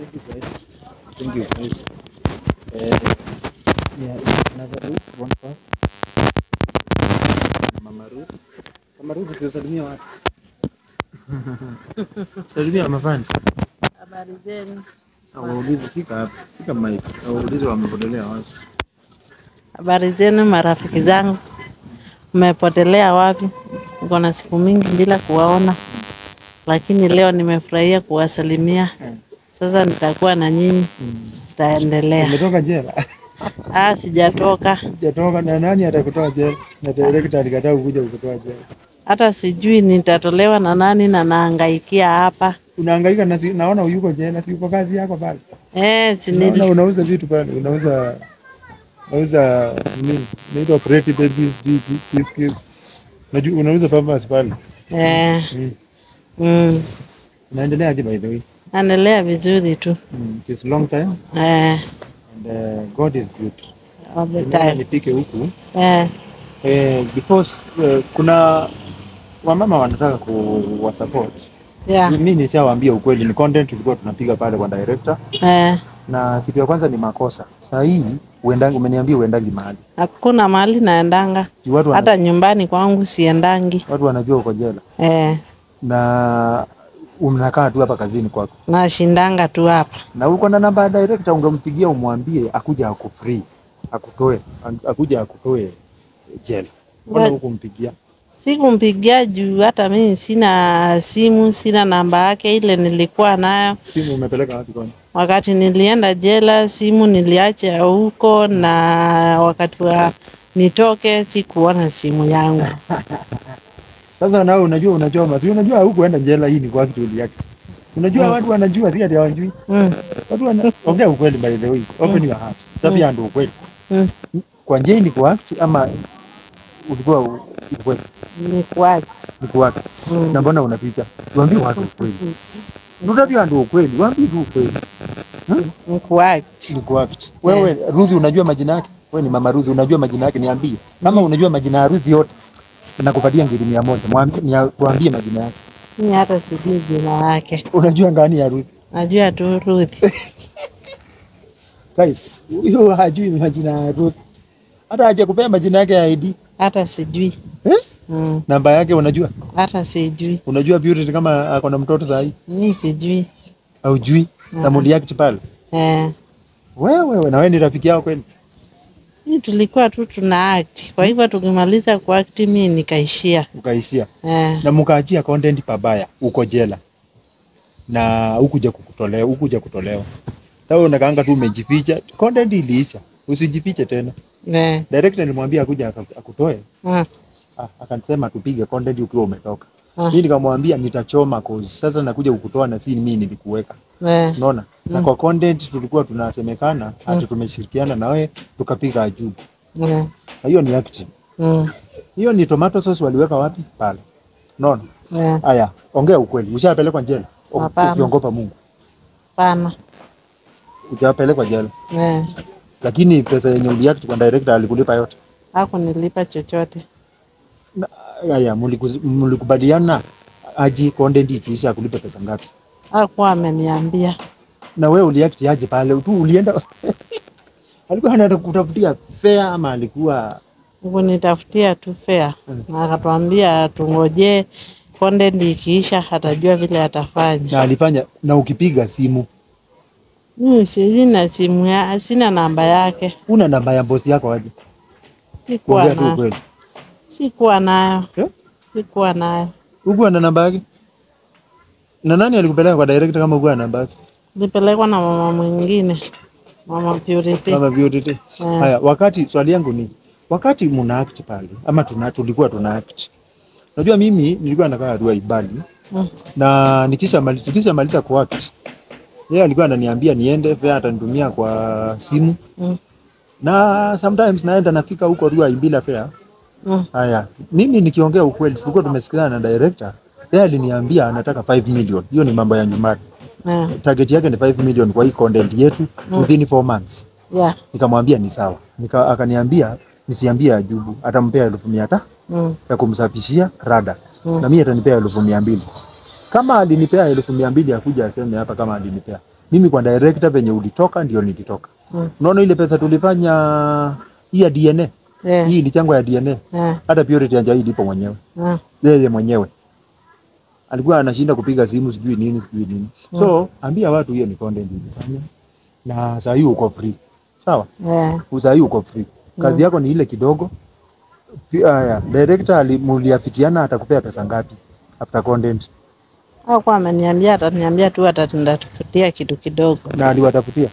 Thank you guys. Thank you guys. Uh, yeah, another roof one pass. Mama roof Mama Ruth tunasalimia watu. Salimia mafans. Habari zenu. Hawaulizi fika hapa. mic. Hawaulizi wamepotelea watu. Habari zenu marafiki zangu. Mmepotelea wapi? Niko na siku mingi bila kuwaona, lakini leo nimefurahia kuwasalimia. Hmm. Sasa nitakuwa na nyinyi, tutaendelea. Umetoka jela? Ah, sijatoka. Sijatoka na nani atakutoa jela? Na direkta alikataa kuja kutoa jela. Hata sijui nitatolewa na nani na naangaikia hapa. Unaangaika na naona yuko jela, si yuko kazi yako pale? Eh, si nini? Na Unauza vitu pale, unauza unauza nini? Naitwa Pretty Baby DP Kiss Kiss. Unauza pampers pale. Eh. Mm. mm. Unaendeleaje by the way? Naendelea vizuri tu. Mm, is long time. Eh. And uh, God is good. All the time. Nipike huku. Eh. Eh, because uh, kuna wamama wanataka kuwa support. Yeah. Mimi nishawaambia ukweli ni content tulikuwa tunapiga pale kwa director. Eh. Na kitu ya kwanza ni makosa. Sasa hii uendangi, umeniambia uendangi mahali. Hakuna mahali naendanga. Hata nyumbani kwangu siendangi. Watu wanajua uko jela. Eh. Na unakaa tu hapa kazini kwako? Nashindanga tu hapa. Na uko na namba ya director, ungempigia umwambie akuja free akutoe, akuja akutoe jela. Mbona hukumpigia? Sikumpigia juu hata mimi sina simu, sina namba yake, ile nilikuwa nayo. Simu umepeleka wapi kwani? Wakati nilienda jela, simu niliacha huko, na wakati wa nitoke sikuona simu yangu Sasa nao unajua unachoma. Si unajua huko enda jela hii ni kwa kituli yake. Unajua mm. watu wanajua si ati hawajui. Mm. Watu wana ongea ukweli by the way. Open mm. your heart. Tabia mm. ndio ukweli. Mm. Kwa nje ni kwa act ama ulikuwa ukweli. Ni kwa act. Ni kwa act. Mm. Na mbona unapita? Tuambie watu mm. ukweli. Ndio tabia ndio ukweli. Waambie tu ukweli. Ni kwa act. Ni kwa act. Wewe mm. Ruthi unajua majina yake? Wewe ni mama Ruthi unajua majina yake niambie. Kama mm. unajua majina ya Ruthi yote nakupatia ngiri mia moja, kuambie majina yake. Mimi hata sijui jina yake. Unajua ngani ya Ruth? Najua tu Ruth. Guys, huyo hajui majina ya Ruth. Hata kupea majina yake ya ID. Hata sijui. Eh? Mm. Namba yake unajua? Hata sijui. Unajua Beauty kama ako na mtoto saa hii? Mimi sijui. Haujui? Na mm. mundi yake chipale? Eh. Wewe wewe na wewe ni rafiki yao kweli? Mi tulikuwa tu tuna act. Kwa hivyo tukimaliza ku act mi nikaishia. Ukaishia. Eh. Na mkaachia content pabaya uko jela. Na hukuja kukutolewa, hukuja kutolewa. Sasa unakaanga tu umejificha. Content iliisha. Usijifiche tena. Eh. Director nilimwambia akuja akutoe. Ah. Ah, akanisema tupige content ukiwa umetoka. Ah. Mimi nikamwambia nitachoma cause sasa nakuja kukutoa na si mimi nilikuweka. Eh. unaona mm. na kwa content tulikuwa tunasemekana hata mm. tumeshirikiana na wewe tukapiga juu mm. hiyo ni acting mm. hiyo ni tomato sauce waliweka wapi pale unaona yeah. haya ongea ukweli ushapelekwa jela ukiongopa Mungu Pana. Ujapelekwa jela yeah. Lakini pesa yenye uliact kwa director alikulipa yote? Hakunilipa chochote. Haya, mlikubaliana aji content ikiisha akulipe pesa ngapi? alikuwa ameniambia. Na wewe uliact aje pale? Tu ulienda alikuwa anaenda kutafutia fea ama alikuwa kunitafutia tu fea, hmm. na akatwambia tungojee konde ikiisha atajua vile atafanya. Na alifanya. Na ukipiga simu mimi sina simu ya, sina namba yake. Una namba ya bosi yako aje? Sikuwa nayo, sikuwa nayo, eh? sikuwa nayo. Ukuwa na namba yake? Na nani alikupeleka kwa direct kama uko anabaki? Nilipelekwa na mama mwingine. Mama Purity. Mama Purity. Yeah. Haya, wakati swali yangu ni wakati muna act pale ama tuna tulikuwa tuna act. Unajua mimi nilikuwa nakaa Arua Ibali. Mm. Na nikisha maliza tukisha maliza kwa act. Yeye alikuwa ananiambia niende pia atanitumia kwa simu. Mm. Na sometimes naenda nafika huko Arua Ibila fea. Mm. Haya, mimi nikiongea ukweli tulikuwa tumesikilana na director. Mm. Yeye aliniambia anataka 5 million. Hiyo ni mambo ya nyumbani. Yeah. Mm. Target yake ni 5 million kwa hii content yetu yeah. Mm. within 4 months. Yeah. Nikamwambia ni sawa. Nika, akaniambia nisiambie ajibu atampea elfu mia ta mm. ya kumsafishia rada mm. na mimi atanipea elfu mia mbili kama alinipea elfu mia mbili akuja aseme hapa kama alinipea mimi kwa director venye ulitoka ndio nilitoka. Mm. Unaona ile pesa tulifanya hii ya DNA. Yeah. Hii ni changwa ya DNA. Yeah. Hata purity ya jahidi ipo mwenyewe. Mm. Yeye mwenyewe. mm alikuwa anashinda kupiga simu sijui nini sijui nini yeah. So ambia watu hiyo ni content unafanya, na saa hii uko free sawa, yeah. Saa hii uko free, kazi yeah. Mm. yako ni ile kidogo. Pia ah, Haya, director muliafikiana atakupea pesa ngapi after content? Au kwa ameniambia, ataniambia tu atatenda atatutafutia kitu kidogo. Na aliwatafutia?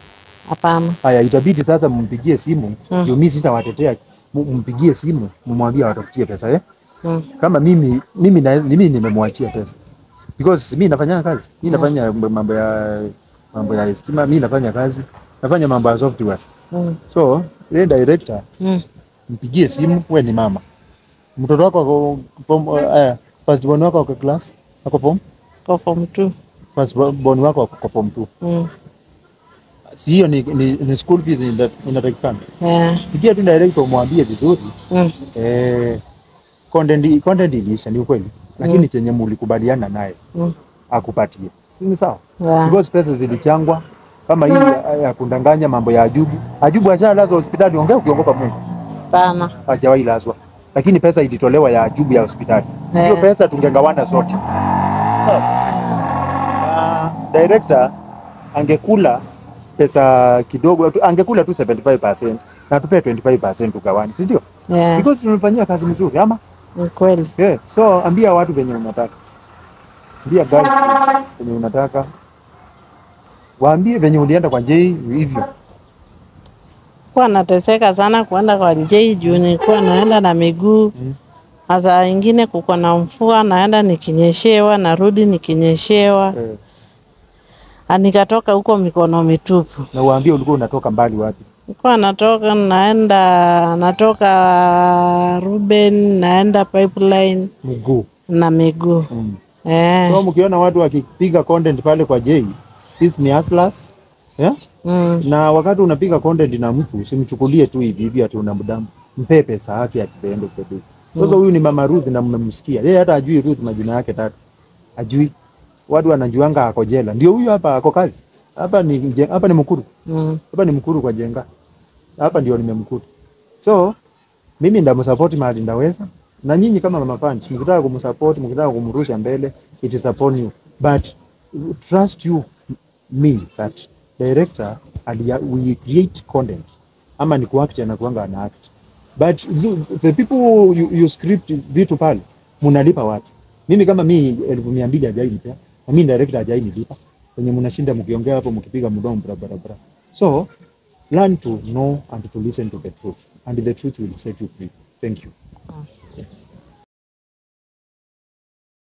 Hapana. Haya, itabidi sasa mumpigie simu mm. Mimi sitawatetea, mumpigie simu mumwambie awatafutie pesa eh? mm. Kama mimi mimi, na mimi nimemwachia pesa because mi nafanya kazi mi nafanya mambo ya mambo ya stima, mi nafanya kazi, nafanya mambo ya software mm. So ile director mm. mpigie simu, we ni mama, mtoto wako eh, first born wako kwa class ako form kwa form 2, first born wako kwa form 2 mm. Si hiyo ni, ni, ni school fees inatakikana, yeah. Pigia tu director umwambie vizuri mm. Eh, content content ni ukweli lakini mm. chenye mulikubaliana naye mm. akupatie, ni sawa yeah. Because pesa zilichangwa kama mm. hii ya kundanganya mambo ya Ajubu. Ajubu ashalazwa hospitali, ongea ukiongopa Mungu bana, hajawahi lazwa, lakini pesa ilitolewa ya Ajubu ya hospitali hiyo yeah. Pesa tungegawana sote sawa. Uh, director angekula pesa kidogo angekula tu 75% na tupe 25% ugawani, si ndio? Yeah. Because tumefanyia kazi mzuri ama kweli. Yeah. So ambia watu venye unataka, ambia guys venye unataka, waambie venye ulienda kwa Jay hivyo kuwa nateseka sana kuenda kwa Jay juu nilikuwa naenda na miguu mm. Saa ingine kuko na mfua, naenda nikinyeshewa, narudi nikinyeshewa eh. anikatoka huko mikono mitupu. Na waambie ulikuwa unatoka mbali wapi? Nilikuwa natoka naenda natoka Ruben naenda pipeline miguu na miguu mm. Eh. So mkiona watu wakipiga content pale kwa Jay, sisi ni hustlers yeah? mm. na wakati unapiga content na mtu usimchukulie tu hivi hivi ati unamdamu, mpe pesa yake akipenda kupeduka. Sasa mm. huyu ni mama Ruth na mmemsikia yeye, hata ajui Ruth majina yake tatu, ajui watu wanajuanga ako jela. Ndio huyu hapa ako kazi hapa, ni hapa ni mkuru mm. hapa mm. ni mkuru kwa jenga hapa ndio nimemkuta. So mimi ndamsupport mahali ndaweza, na nyinyi kama mama fans mkitaka kumsupport, mkitaka kumrusha mbele, it is upon you but trust you me that director alia, we create content ama ni kuact na kuanga ana act but you, the people you, you script vitu pale munalipa watu. Mimi kama mi elfu mia mbili hajailipa na mi director ajai hajailipa kwenye mnashinda mkiongea hapo mkipiga mdomo barabarabara so Learn to know and to listen to the truth, and the truth will set you free. Thank you. Mm.